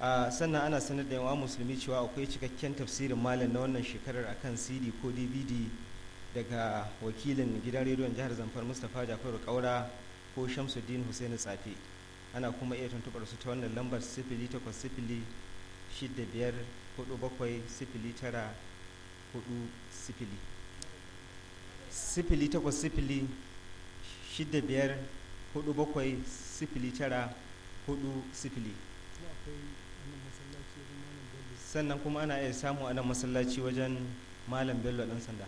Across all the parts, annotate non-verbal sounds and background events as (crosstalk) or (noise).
a sannan ana sanar da yawa musulmi cewa akwai cikakken tafsirin malam na wannan shekarar akan cd ko dvd daga wakilin gidan rediyon jihar zamfar mustapha jafaru kaura ko shamsuddin hussein tsafe ana kuma iya tuntubar su ta wannan lambar sifili takwas sifili shidda biyar hudu bakwai sifili tara hudu sifili sifili takwas sifili sannan kuma ana iya samu a nan masallaci wajen malam bello ɗan sanda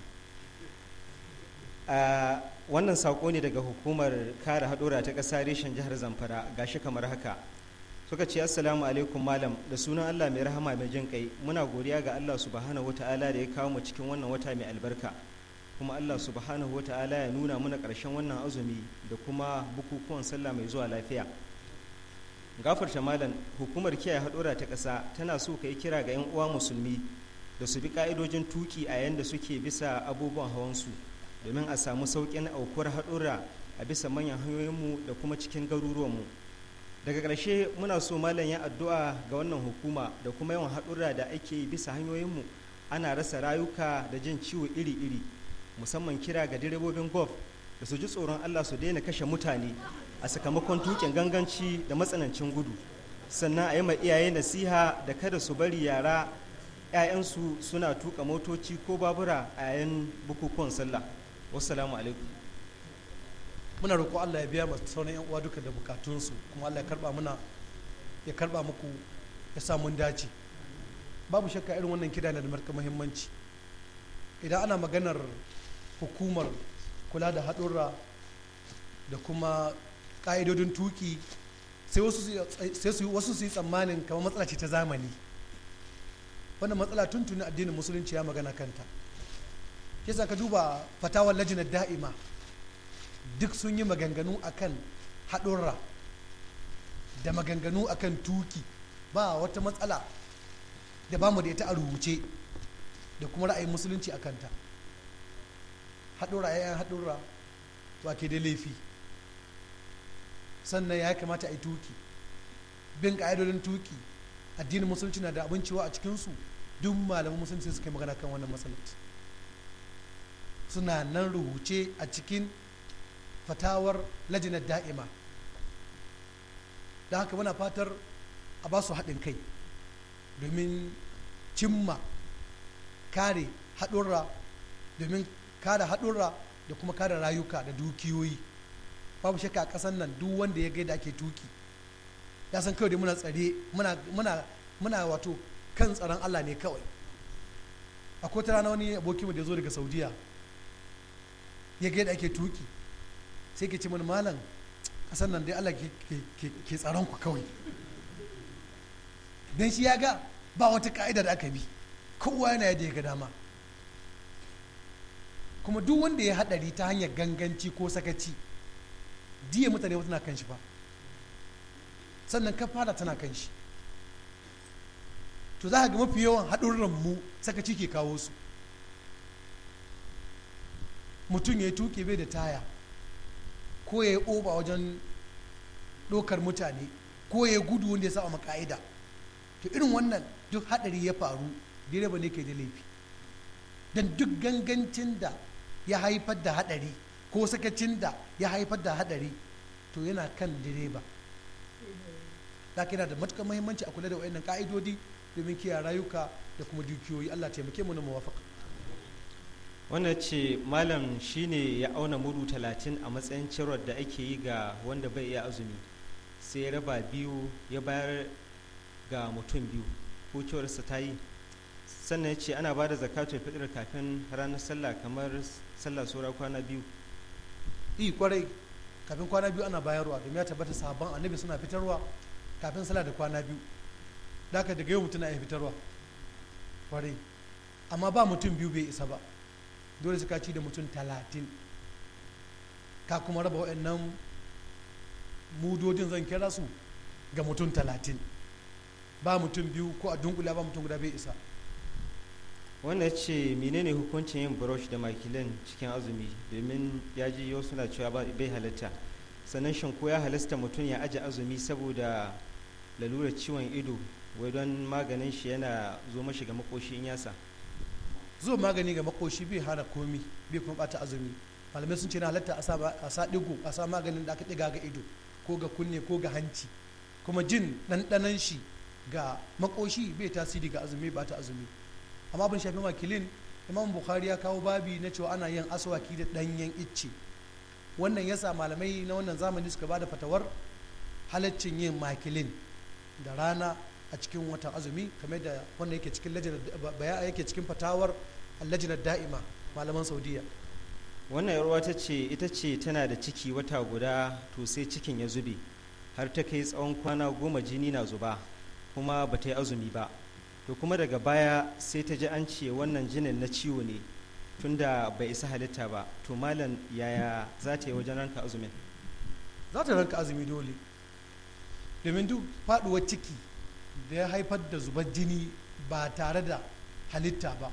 wannan saƙo ne daga hukumar kare haɗura ta ƙasa reshen jihar zamfara gashi kamar haka suka ce assalamu alaikum malam da sunan allah mai rahama mai jin kai muna godiya ga allah subhanahu wa ta'ala da ya kawo mu cikin wannan wata mai albarka kuma allah subhanahu wa ta'ala ya nuna mana ƙarshen wannan azumi da kuma bukukuwan sallah mai zuwa lafiya gafarta malam hukumar kiyaye haɗura ta ƙasa tana so ka yi kira ga 'yan uwa musulmi da su bi ƙa'idojin tuki a yanda suke bisa abubuwan hawansu domin a samu sauƙin aukuwar haɗura a bisa manyan hanyoyinmu da kuma cikin garuruwanmu daga ƙarshe muna so malam ya addu'a ga wannan hukuma da kuma yawan haɗura da ake yi bisa hanyoyinmu ana rasa rayuka da jin ciwo iri-iri musamman kira ga direbobin golf da su ji tsoron allah su daina kashe mutane a sakamakon tukin ganganci da matsanancin gudu sannan a yi ma iyaye nasiha da kada su bari yara 'ya'yansu suna tuka motoci ko babura a yayin bukukuwan sallah wasu alaikum muna roƙo allah ya biya masu sauran yan uwa duka da bukatunsu kuma allah ya karba muku ya sa mun dace babu shakka irin wannan kida na da marka muhimmanci idan ana maganar hukumar kula da haɗurra da kuma ƙa'idodin tuki sai wasu su yi tsammanin kama matsala ce ta zamani wannan matsala tuntuni addinin musulunci ya magana kanta sa ka duba fatawar lajinar da'ima duk sun yi maganganu akan haɗurra da maganganu akan tuki ba wata matsala da ba mu da ita a rubuce da kuma ra'ayin musulunci a kanta haɗurra 'ya'yan haɗurra wa ke da laifi sannan ya kamata a yi tuki bin ƙa'idodin tuki addinin musulunci na da abin cewa a cikinsu duk malaman musulunci suka yi magana kan wannan matsalaci suna nan rubuce a cikin fatawar lajinar da'ima da haka muna fatar a ba su haɗin kai domin cimma kare haɗurra domin kare haɗurra da kuma kare rayuka da dukiyoyi babu shakka a ƙasar nan duk wanda ya ga da ake tuki ya san kawai dai muna tsare muna wato kan tsaron Allah ne kawai a ta rana wani abokin da ya zo daga Saudiya ya ga da ake tuki sai ke ce mana malam ƙasar nan dai Allah ke tsaron ku kawai dan shi ya ga ba wata ka'ida da aka bi kowa yana yadda ya ga dama kuma duk wanda ya haɗari ta hanyar ganganci ko sakaci diya mutane ba tana kan shi ba sannan ka fara tana kan shi to za ka ga mafi yawan haɗurran mu saka ke kawo su mutum ya yi tuƙe bai da taya ko ya yi oba wajen ɗaukar mutane ko ya yi gudu wanda ya saba maka'ida to irin wannan duk haɗari ya faru direba ne ke da laifi don duk gangancin da ya haifar da haɗari ko sakacin da ya haifar da hadari to yana kan direba da yana da matukar muhimmanci a kula da wayannan ka'idodi domin kiyaye rayuka da kuma dukiyoyi Allah taimake mu na muwafaka wannan ce malam shine ya auna mudu talatin a matsayin cirar da ake yi ga wanda bai iya azumi sai raba biyu ya bayar ga mutum biyu ko cewarsa ta yi sannan ya ce ana ba da zakatun fitar kafin ranar sallah kamar sallah saura kwana biyu yi kwarai kafin kwana biyu ana bayarwa domin ya tabbata sabon annabi suna fitarwa kafin sala da kwana biyu daga daga yau mutum na iya fitarwa kwarai amma ba mutum biyu bai isa ba dole su ci da mutum talatin ka kuma raba waɗannan mudodin zan kira su ga mutum talatin ba mutum biyu ko a dunkula ba mutum guda bai isa wannan ce menene hukuncin yin brush da makilin cikin azumi domin ya ji yau suna cewa bai halatta sannan shin ko ya halasta mutum ya aji azumi saboda lalurar ciwon ido wai don maganin shi yana zo mashi ga makoshi in yasa zo magani ga makoshi bai hana komi bai kuma bata azumi malamai sun ce na halatta a sa digo a sa maganin da aka diga ga ido ko ga kunne ko ga hanci kuma jin ɗanɗanan shi ga makoshi bai tasiri ga azumi bata azumi amma abin shafin makilin imam bukhari ya kawo babi na cewa ana yin aswaki da danyen icce wannan yasa malamai na wannan zamani suka bada fatawar halaccin yin makilin da rana a cikin watan azumi kamar da wannan yake cikin yake cikin fatawar lajinar da'ima malaman saudiya wannan yarwa ta ce ita ce tana da ciki wata guda to sai cikin ya zube har ta kai tsawon kwana goma jini na zuba kuma ba ta yi azumi ba to kuma daga baya sai ta ji an ce wannan jinin na ciwo ne tunda bai isa halitta ba to malam yaya za ta yi wajen ranka azumin za ta ranka azumi dole domin duk faduwar ciki da ya haifar da zubar jini ba tare da halitta ba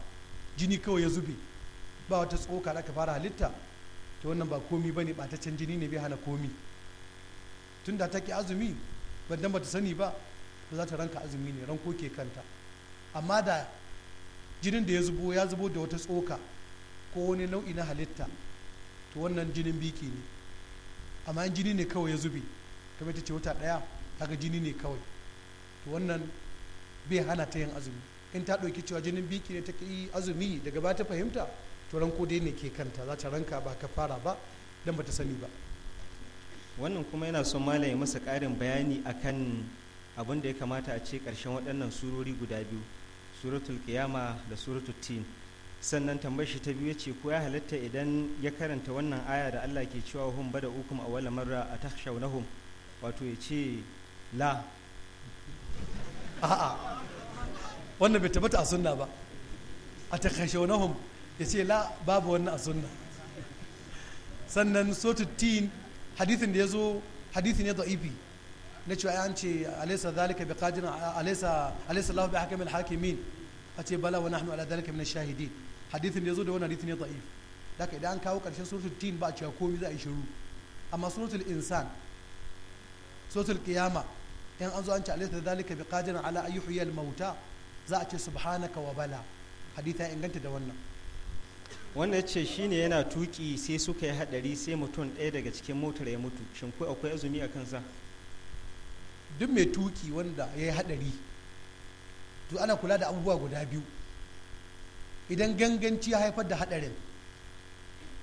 jini kawai ya zube ba wata tsoka da aka fara halitta ta wannan ba komi ba ne can jini ne bai hana komi tun da ta ki azumi ban ta bata sani ba ba za ta ranka azumi ne ranko ke kanta amma da jinin da ya zubo ya zubo da wata tsoka ko wani nau'i na halitta to wannan jinin biki ne amma in jini ne kawai ya zube kamar ta ce wata ɗaya kaga jini ne kawai to wannan bai hana ta yin azumi in ta ɗauki cewa jinin biki ne ta yi azumi daga ba ta fahimta to ranko dai ne ke kanta za ta ranka ba ka fara ba dan ba ta sani ba wannan kuma yana son malam ya masa ƙarin bayani akan abin da ya kamata a ce ƙarshen waɗannan surori guda biyu suratul qiyama da suratul tin sannan tambayar shi ta biyu ce ko ya halatta idan ya karanta wannan aya da Allah ke cewa hum bada ukum awwala marra atakhshawnahum wato ya ce la a'a wannan bai tabbata a sunna ba a atakhshawnahum ya ce la babu wannan a sunna sannan suratul tin hadithin da ya yazo hadisi ne da'ifi na cewa an ce alisa zalika bi qadir alisa alisa Allah bi al hakimin a ce bala wa nahnu ala zalika min shahidi hadithin da yazo da wannan hadithin ya da'if daga idan an kawo karshen suratul tin ba a cewa komai za a yi shiru amma suratul insan suratul qiyama in an zo an ce alisa zalika bi qadir ala ayyuhiya al-mauta za a ce subhanaka wa bala haditha ya inganta da wannan wannan ce shine yana tuki sai suka yi hadari sai mutum ɗaya daga cikin motar ya mutu shin akwai azumi a kansa duk mai tuki wanda ya yi haɗari to ana kula da abubuwa guda biyu idan ganganci ya haifar da haɗarin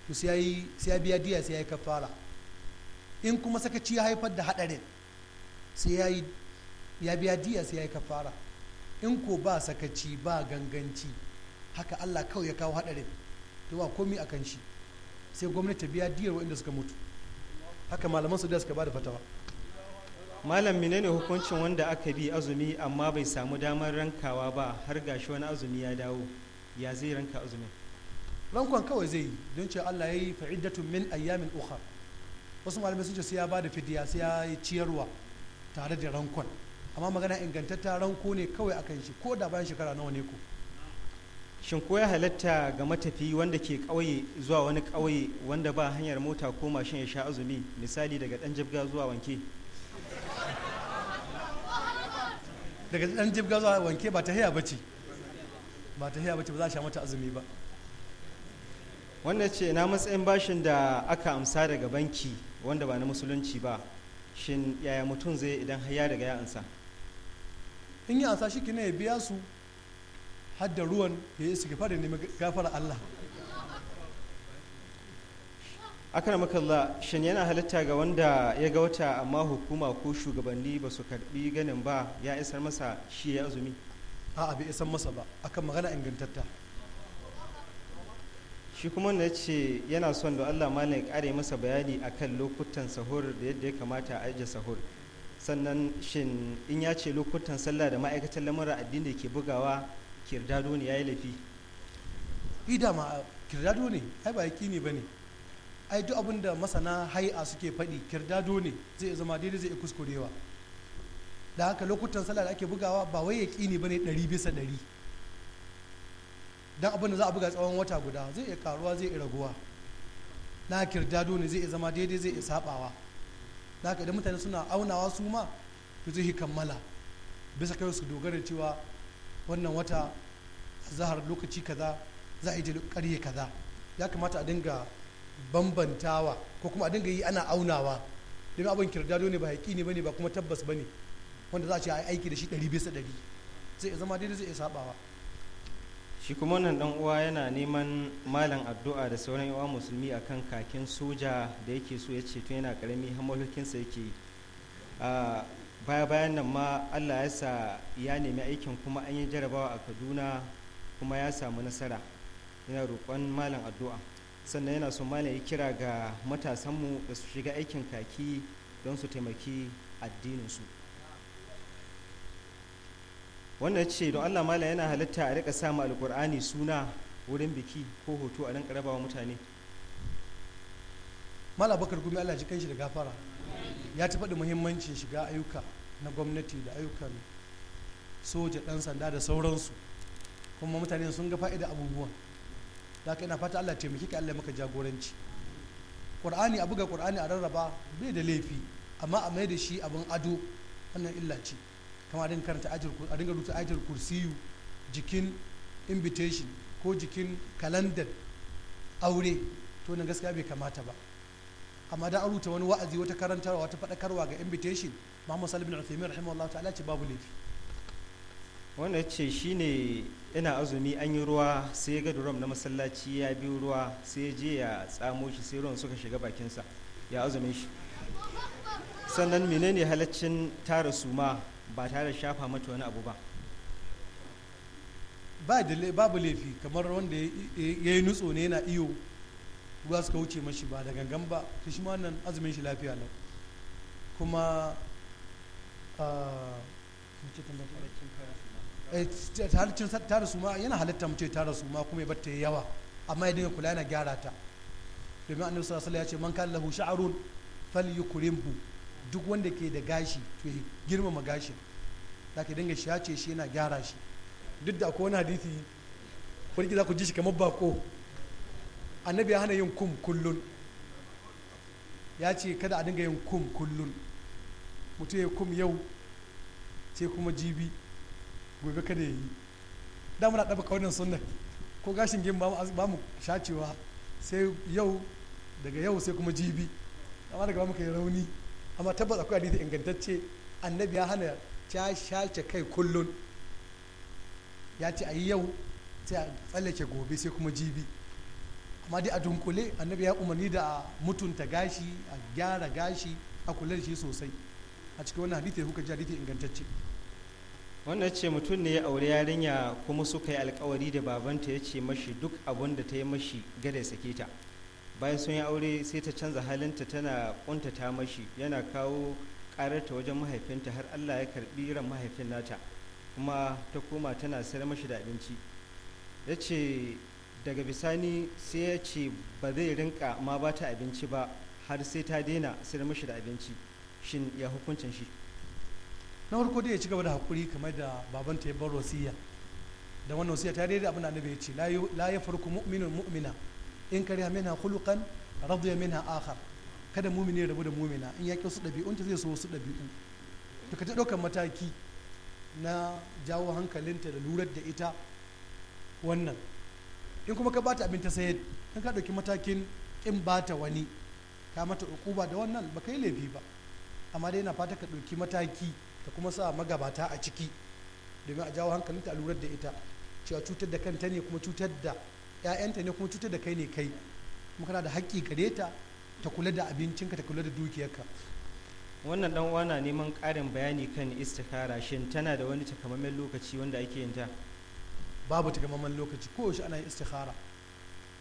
to sai ya biya diya sai ya yi kafara in kuma sakaci ya haifar da haɗarin sai ya biya diya sai ya yi kafara in ko ba sakaci ba ganganci haka allah kawai ya kawo haɗarin to ba komi a kan shi sai gwamnati biya diyar waɗanda suka mutu haka malaman su da suka ba da fatawa malam ne hukuncin wanda aka bi azumi amma bai samu damar rankawa ba har gashi wani azumi ya dawo ya zai ranka azumin rankon kawai zai yi don ce Allah ya yi fa'iddatun min ayyamin uka wasu malamai sun ce sai ya da fidiya sai ya yi ciyarwa tare da rankon amma magana ingantatta ranko ne kawai akan shi ko da bayan shekara nawa ne ku. shin ko ya halatta ga matafi wanda ke ƙauye zuwa wani ƙauye wanda ba hanyar mota ko mashin ya sha azumi misali daga ɗan jibga zuwa wanke daga dan jibga zuwa wanke ba ta haya bace ba ta haya bace ba za a sha mata azumi ba wanda ce na matsayin bashin da aka amsa daga banki wanda ba na musulunci ba shin yaya mutum zai idan haya daga ya ansa in ya ansa shi ne ya biya su har ruwan ya yi su gafara neman gafara Allah akana makalla shin yana halitta ga wanda ya ga wata amma hukuma ko shugabanni ba su karbi ganin ba ya isar masa shi ya azumi a bai isar masa ba akan magana ingantatta shi kuma na ce yana son da allah malam ya kare masa bayani akan lokutan sahur da yadda ya kamata a ajiye sahur sannan shin in ya ce lokutan sallah da ma'aikatan lamura addini da ke bugawa kirdado ne ya yi laifi idama kirdado ne ai ba yaki ne ba ne ai duk abin da masana hai'a suke faɗi kirdado ne zai zama daidai zai kuskurewa da haka lokutan sallah da ake bugawa ba wai ya ƙini ba ne ɗari bisa ɗari don abin da za a buga tsawon wata guda zai iya karuwa zai iya raguwa na kirdado ne zai iya zama daidai zai iya saɓawa da haka idan mutane suna aunawa su ma to zai kammala bisa kai su dogara cewa wannan wata zahar lokaci kaza za a yi ƙarye kaza ya kamata a dinga bambantawa ko kuma a dinga yi ana aunawa domin abin kirdado ne ba haƙi ne bane ba kuma tabbas bane wanda za a ce a aiki da shi ɗari bisa ɗari zai zama daidai zai iya sabawa shi kuma wannan dan uwa yana neman malam addu'a da sauran yawa musulmi akan kakin soja da yake so ya ce tun yana karami hamalokinsa yake baya bayan nan ma allah ya sa ya nemi aikin kuma an yi jarabawa a kaduna kuma ya samu nasara yana roƙon malam addu'a sannan yana so malam ya kira ga matasanmu da su shiga aikin kaki don su taimaki addininsu wannan ce don allah mala yana halitta a rika samu alkur'ani suna wurin biki ko hoto a rinka rabawa mutane malam bakar gumi allah ji kanshi da gafara ya ta faɗi muhimmancin shiga ayyuka na gwamnati da ayyukan soja ɗan sanda da sauransu kuma mutane sun ga fa'ida abubuwan da haka ina fata Allah taimaki ka Allah maka jagoranci Qur'ani a buga Qur'ani a rarraba bai da laifi amma a mai da shi abin ado wannan illa ce kamar din karanta a dinga rubuta ayatul kursiyu jikin invitation ko jikin kalandar aure to nan gaskiya bai kamata ba amma da an rubuta wani wa'azi wata karantarwa wata faɗakarwa ga invitation Muhammad Salih bin Uthaymeen rahimahullahu ta'ala ce babu laifi wanda ce shi ne ina azumi an yi ruwa sai ya ga durom na masallaci ya biyu ruwa sai ya je ya tsamo shi sai ruwan suka shiga bakinsa ya azumin shi sannan menene halaccin tara suma ba tare da shafa mata wani abu ba babu laifi kamar wanda ya yi nutso ne yana iyo ruwa suka wuce mashi ba da gangan ba ta shi wannan azumin shi lafiya lau kuma ah, Eh, halicin ta rasu ma yana halitta mu ce ta rasu kuma ya batta yawa amma ya dinga kula yana gyara ta domin annabi sallallahu alaihi ya ce man kana lahu sha'run falyukrimhu duk wanda ke da gashi to ya girmama gashin za ke dinga shace shi yana gyara shi duk da akwai wani hadisi wani za ku ji shi kamar bako annabi ya hana yin kum kullun ya ce kada a dinga yin kum kullun mutu ya kum yau sai kuma jibi gobe kada ya yi da muna ɗaba kaunin sunna ko gashin gin ba mu shacewa sai yau daga yau sai kuma jibi amma daga ba muka kai rauni amma tabbas akwai hadisi ingantacce annabi ya hana ta shace kai kullun ya ce a yi yau sai a tsallake gobe sai kuma jibi amma dai a dunkule annabi ya umarni da a mutunta gashi a gyara gashi a kula da shi sosai a cikin wani hadisi kuka ji hadisi ingantacce wannan ce mutum ne ya aure yarinya kuma suka yi alkawari da babanta ya ce mashi duk abun da ta yi mashi gada ya sake ta bayan sun yi aure sai ta canza halinta tana kuntata mashi yana kawo kararta wajen mahaifinta har allah ya karbi ran mahaifin nata kuma ta koma tana sayar mashi da abinci ya ce daga bisani sai ya ce ba zai rinka ma ba ta abinci ba har sai ta daina sayar mashi da abinci shin ya hukuncin shi na farko dai ya ci gaba da hakuri kamar da babanta ya bar wasiya da wannan wasiya ta daidai abin da bai ya ce la ya farko mu'minin mu'mina in ya mina rabu ya mina akhar kada mumini ya rabu da mumina in ya su in ta zai so su ɗabi'u to ka ta ɗaukar mataki na jawo hankalinta da lurar da ita wannan in kuma ka bata abin ta sayar in ka ɗauki matakin in bata wani ka mata ukuba da wannan ba kai laifi ba amma dai na fata ka ɗauki mataki ta kuma sa magabata a ciki domin a jawo hankalinta ta lura da ita cewa cutar da kanta ne kuma cutar da 'ya'yanta ne kuma cutar da kai ne kai kuma kana da haƙƙi gare ta ta kula da abincinka ta kula da dukiyarka wannan dan uwa na neman ƙarin bayani kan istikhara shin tana da wani takamaiman lokaci wanda ake yin ta babu takamaiman lokaci ko shi ana yin istikhara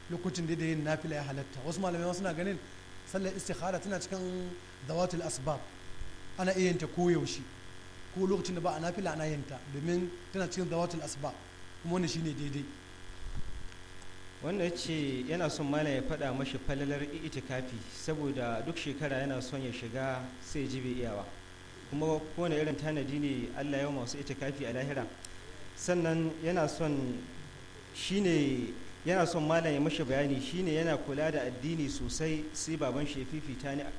lokacin da yin nafila ya halatta wasu malamai suna ganin sallar istikhara tana cikin dawatul asbab ana iya yin ta koyaushe ko lokacin da ba a nafila ana yinta domin tana cikin zawatul asba kuma wani shine daidai wanda ce yana son malam ya faɗa mashi falalar itikafi saboda duk shekara yana son ya shiga sai ji bai iyawa kuma kowane irin tanadi ne allah ya masu itikafi a lahira sannan yana son shine yana son malam ya mashi bayani shine yana kula da addini sosai sai baban shi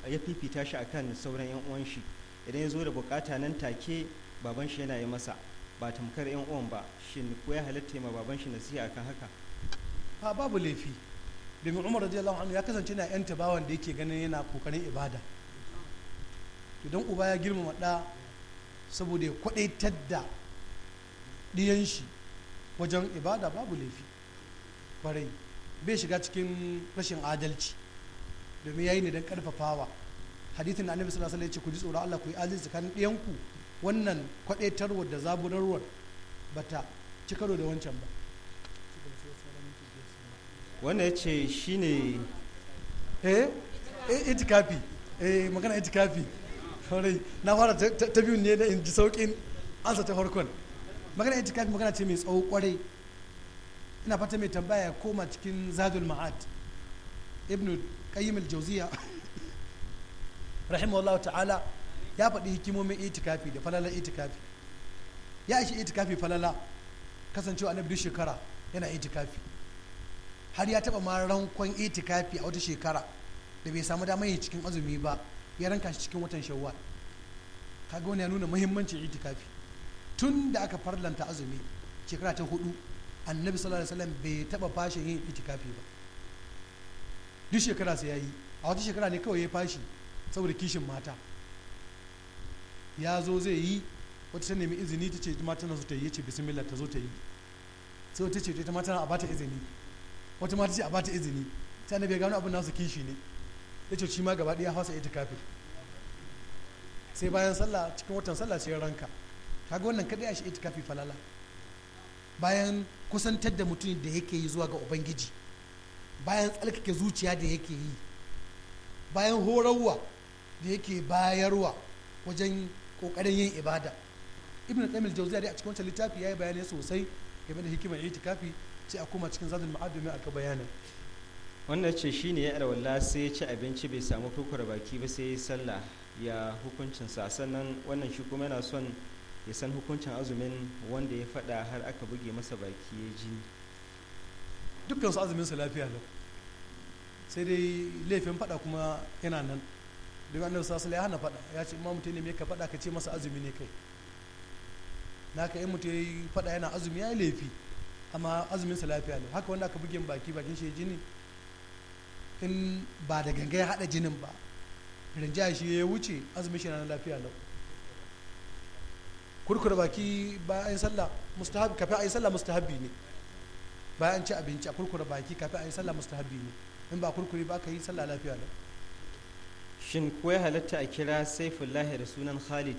ya fifita shi akan sauran yan uwan shi idan ya zo da bukata nan take baban shi yana yi masa ba tamkar yan uwan ba shin ko ya halatta ma baban shi nasiha akan haka a babu laifi domin umar radiyallahu anhu ya kasance na yan tabawan da yake ganin yana kokarin ibada Idan uba ya girmama ɗa saboda ya kwadaitar da ɗiyan shi wajen ibada babu laifi kwarai bai shiga cikin rashin adalci domin ya yi ne don karfafawa hadithin annabi sallallahu alaihi wasallam ya ce ku ji tsoron Allah ku yi azizi tsakanin ɗiyanku wannan kwadaitarwar da zaburarwar bata ci karo da wancan ba wannan ya ce shine eh? eh itikafi eh magana itikafi kawai na fara ta biyu ne da in ji sauƙin ansa ta farkon magana itikafi magana ce mai tsawo kwarai ina fata mai tambaya ya koma cikin zadul ma'ad ibnu qayyim al-jawziya (laughs) rahimahullahu ta'ala ya faɗi hikimomin itikafi da falalar itikafi ya ishi itikafi falala kasancewa annabi duk shekara yana itikafi har ya taɓa ma rankon itikafi a wata shekara da bai samu damar yi cikin azumi ba ya ranka shi cikin watan shawwal kaga wani ya nuna muhimmancin itikafi tun da aka farlanta azumi shekara ta hudu annabi sallallahu alaihi wasallam bai taba fashin yin itikafi ba duk shekara sai yayi a wata shekara ne kawai ya fashi saboda kishin mata ya zo zai yi wata ta nemi izini ta ce mata na ta yi ce bismillah ta zo ta yi sai wata ce ta mata na a bata izini wata mata ce a bata izini sai na ya gano abin nasu kishi ne ya ce shi ma gaba ɗaya hausa ita kafin sai bayan sallah cikin watan sallah sai ranka kaga wannan kadai a shi ita kafi falala bayan kusantar da mutum da yake yi zuwa ga ubangiji bayan tsarkake zuciya da yake yi bayan horarwa da yake bayarwa wajen kokarin yin ibada ibn qayyim al-jawziya dai a cikin wancan littafi yayi bayani sosai game da hikimar itikafi ce a koma cikin zadul ma'ad domin aka bayana. wannan ce shine ya alwala sai ya ci abinci bai samu kukur baki ba sai ya sallah ya hukuncin sa sannan wannan shi kuma yana son ya san hukuncin azumin wanda ya fada har aka buge masa baki ya ji. dukkan su azumin sa lafiya lau sai dai laifin fada kuma yana nan duk annabi sallallahu ya hana fada ya ce imamu ta ne ka fada ka ce masa azumi ne kai yi mutu ya yi fada yana azumi ya laifi amma azumin sa lafiya ne haka wanda aka bugin baki bakin shi jini in ba da ganga ya hada jinin ba rinjaya shi ya wuce azumin shi na lafiya lau kurkura baki bayan sallah mustahab kafin ayi sallah mustahabi ne bayan ci abinci a kurkura baki kafin ayi sallah mustahabi ne in ba kurkuri ba ka yi sallah lafiya lau shin ko ya halatta a kira saifullahi da sunan khalid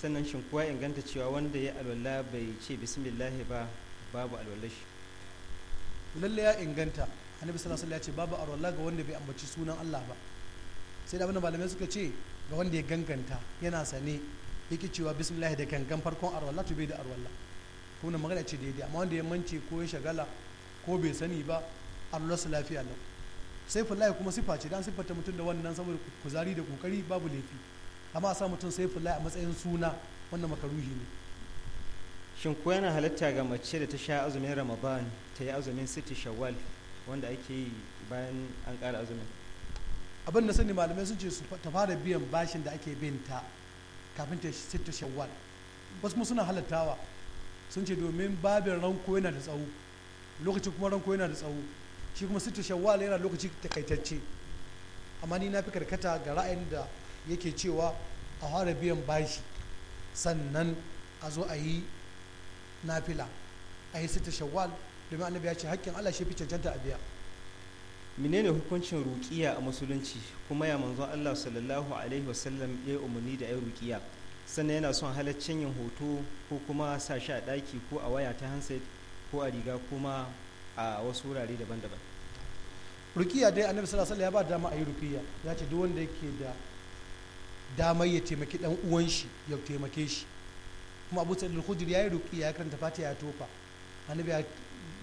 sannan shin kuwa ya inganta cewa wanda ya alwala bai ce bismillahi ba babu alwala shi lalle ya inganta annabi sallallahu alaihi ya ce babu alwala ga wanda bai ambaci sunan Allah ba sai da abin malamai suka ce ga wanda ya ganganta yana sane yake cewa bismillahi da gangan farkon alwala to bai da alwala kuma magana ce daidai amma wanda ya mance ko ya shagala ko bai sani ba alwala su lafiya lau saifullahi kuma sifa ce dan siffata mutum da wannan saboda kuzari da kokari babu laifi amma a sa mutum saifullahi a matsayin suna wannan makaruhi ne shin ko yana halatta ga mace da ta sha azumin ramadan ta yi azumin siti shawwal wanda ake yi bayan an ƙara azumin abin da sani malamai sun ce ta fara biyan bashin da ake bin ta kafin ta city shawwal wasu kuma suna halattawa sun ce domin babin ranko yana da tsawo lokacin kuma ranko yana da tsawo shi kuma sittu shawwal yana lokaci takaitacce amma ni na fi karkata ga ra'ayin da yake cewa a fara biyan bashi sannan a zo a yi nafila a yi sittu shawwal domin annabi ya ce hakkin Allah shi fi cancanta a biya menene hukuncin rukiya a musulunci kuma ya manzo Allah sallallahu alaihi wasallam ya umarni da ya rukiya sannan yana son halaccin yin hoto ko kuma sa shi a ɗaki ko a waya ta handset ko a riga kuma a wasu wurare daban-daban rukiya dai annabi sallallahu alaihi ya ba dama a yi rukiya ya ce duk wanda yake da dama ya taimaki dan uwan shi ya taimake shi kuma abu sa'id al ya yi rukiya ya karanta fatiha ya tofa annabi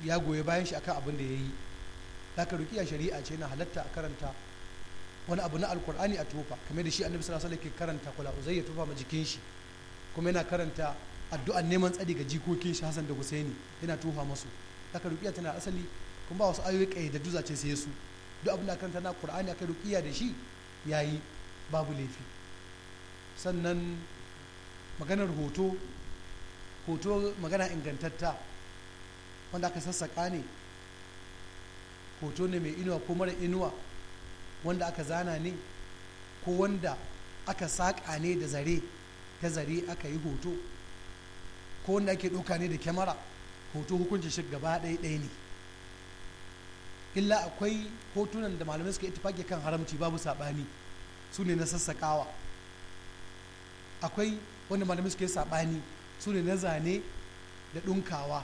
ya goye bayan shi akan abin da ya yi haka rukiya shari'a ce na halatta a karanta wani abu na alkur'ani a tofa kamar da shi annabi sallallahu alaihi ke karanta kula uzai tofa ma jikin shi kuma yana karanta addu'an neman tsari ga jikokin shi Hassan da Husaini yana tofa masu haka rukiya tana asali kuma ba wasu ayoyi ya za ce sai su duk abin da karanta na qur'ani akai ruqiya da shi yayi babu laifi sannan maganar hoto hoto magana ingantatta wanda aka sassaƙa ne hoto ne mai inuwa ko mara inuwa wanda aka zana ne ko wanda aka saƙa ne da zare ta zare aka yi hoto ko wanda ake ɗauka ne da kyamara hoto hukuncin shi gaba ɗaya ɗaya ne illa akwai hotunan da malamai suka ittifaki kan haramci babu saɓani su ne na sassaƙawa akwai wanda malamai suka yi saɓani su ne na zane da ɗunkawa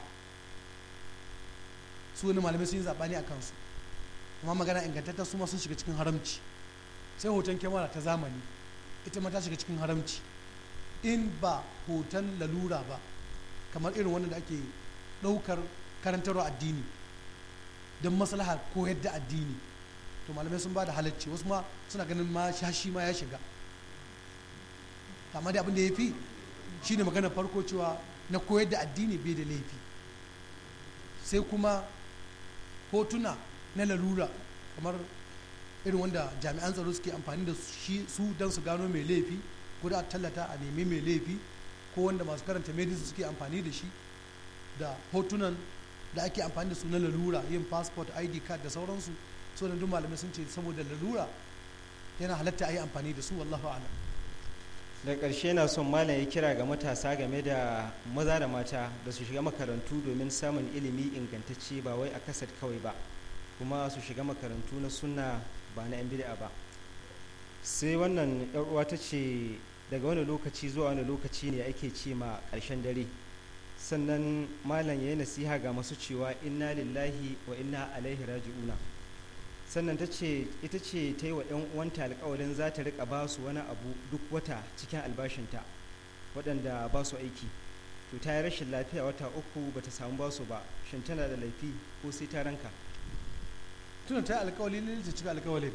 su ne malamai sun yi zaɓani a kansu amma magana ingantattar su masu sun shiga cikin haramci sai hoton kyamara ta zamani ita ma ta shiga cikin haramci in ba hoton lalura ba kamar irin wanda da ake ɗaukar karantarwa addini don maslaha ko yadda addini to malamai sun ba da halarci wasu ma suna ganin ma shashi ma ya shiga amma da abin da ya fi shine magana farko cewa na koyar da addini bai da laifi sai kuma hotuna na larura kamar irin wanda jami'an tsaro suke amfani da su don su gano mai laifi ko da tallata a nemi mai laifi ko wanda masu karanta medicine suke amfani da shi da hotunan da ake amfani da su na lalura yin passport id card da sauransu so da duk malamai sun ce saboda lalura yana halatta a yi amfani da su wallahu alam da ƙarshe na son malam ya kira ga matasa game da maza da mata da su shiga makarantu domin samun ilimi ingantacce ba wai a kasar kawai ba kuma su shiga makarantu na sunna ba na 'yan bid'a ba sai wannan uwa ta ce daga wani lokaci zuwa wani lokaci ne ake ce ma ƙarshen dare sannan malam ya yi nasiha ga masu cewa inna lillahi wa inna alaihi raji'una sannan ta ce ita ce ta yi wa 'yan uwanta alkawarin za ta riƙa ba su wani abu duk wata cikin albashinta waɗanda ba su aiki to ta yi rashin lafiya wata uku ba ta samu ba su ba shin tana da laifi ko sai ta ranka tuna ta alkawali ne ta cika alkawalin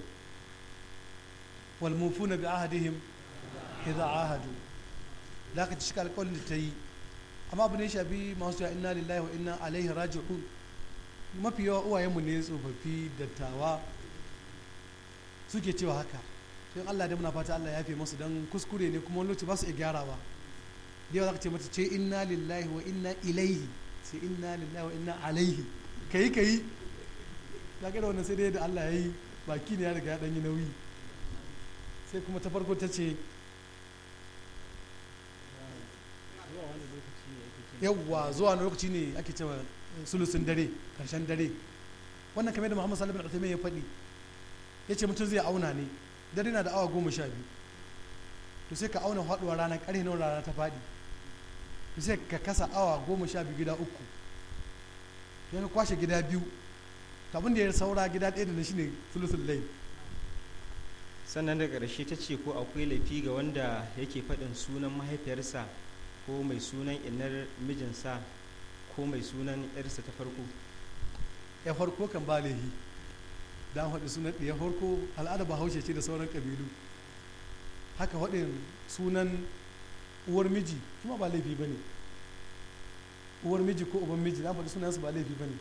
na bi ahadihim idza ahadu da ka cika alkawalin da ta yi amma abu ne shafi masu ya inna lillahi wa inna alaihi raji'u mafi yawa uwayenmu ne tsofaffi dattawa suke cewa haka don Allah da muna fata Allah ya fi masu don kuskure ne kuma wani lokaci ba su iya gyarawa da yawa za ka ce mata ce inna lillahi wa inna ilaihi sai ina lillahi wa ina alaihi kayi kayi ta kada wannan sai dai da Allah ya yi baki ne ya riga ya ɗanyi nauyi sai kuma ta farko ta ce yawwa zuwa wani lokaci ne ake cewa sulusun dare karshen dare wannan kamar da muhammad salibin althaimin ya faɗi ya ce mutum zai auna ne dare na da awa goma sha biyu to sai ka auna faɗuwa rana ƙarfe nawa rana ta faɗi to sai ka kasa awa goma sha biyu gida uku ya ka kwashe gida biyu to abin da ya saura gida ɗaya da na ne sulusun lai sannan da ƙarshe ta ce ko akwai laifi ga wanda yake faɗin sunan mahaifiyarsa ko mai sunan inar mijinsa ko mai sunan yarsa ta farko ya farko kan ba laifi don haɗe sunan ya farko al'ada ba haushe ce da sauran ƙabilu haka haɗe sunan uwar miji kuma ba laifi ba ne uwar miji ko uban miji na faɗi sunansu ba laifi ba ne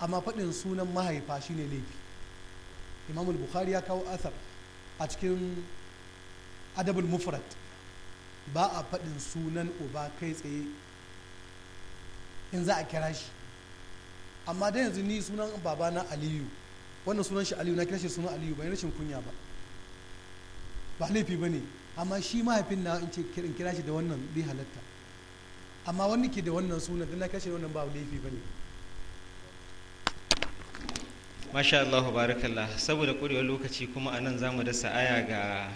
amma faɗin sunan mahaifa shi ne laifi imamul bukhari ya kawo asar a cikin adabul mufrad ba a faɗin sunan uba kai tsaye in za a kira shi amma dai yanzu ni sunan baba na aliyu wannan sunan shi aliyu na kira shi sunan aliyu ba rashin kunya ba ba laifi ba ne amma shi mahaifin na in kira shi da wannan bai halatta amma wani ke da wannan sunan dan na kira shi da wannan ba laifi ba ne masha Allah barakallah saboda ƙwarewar lokaci kuma anan zamu da sa'aya ga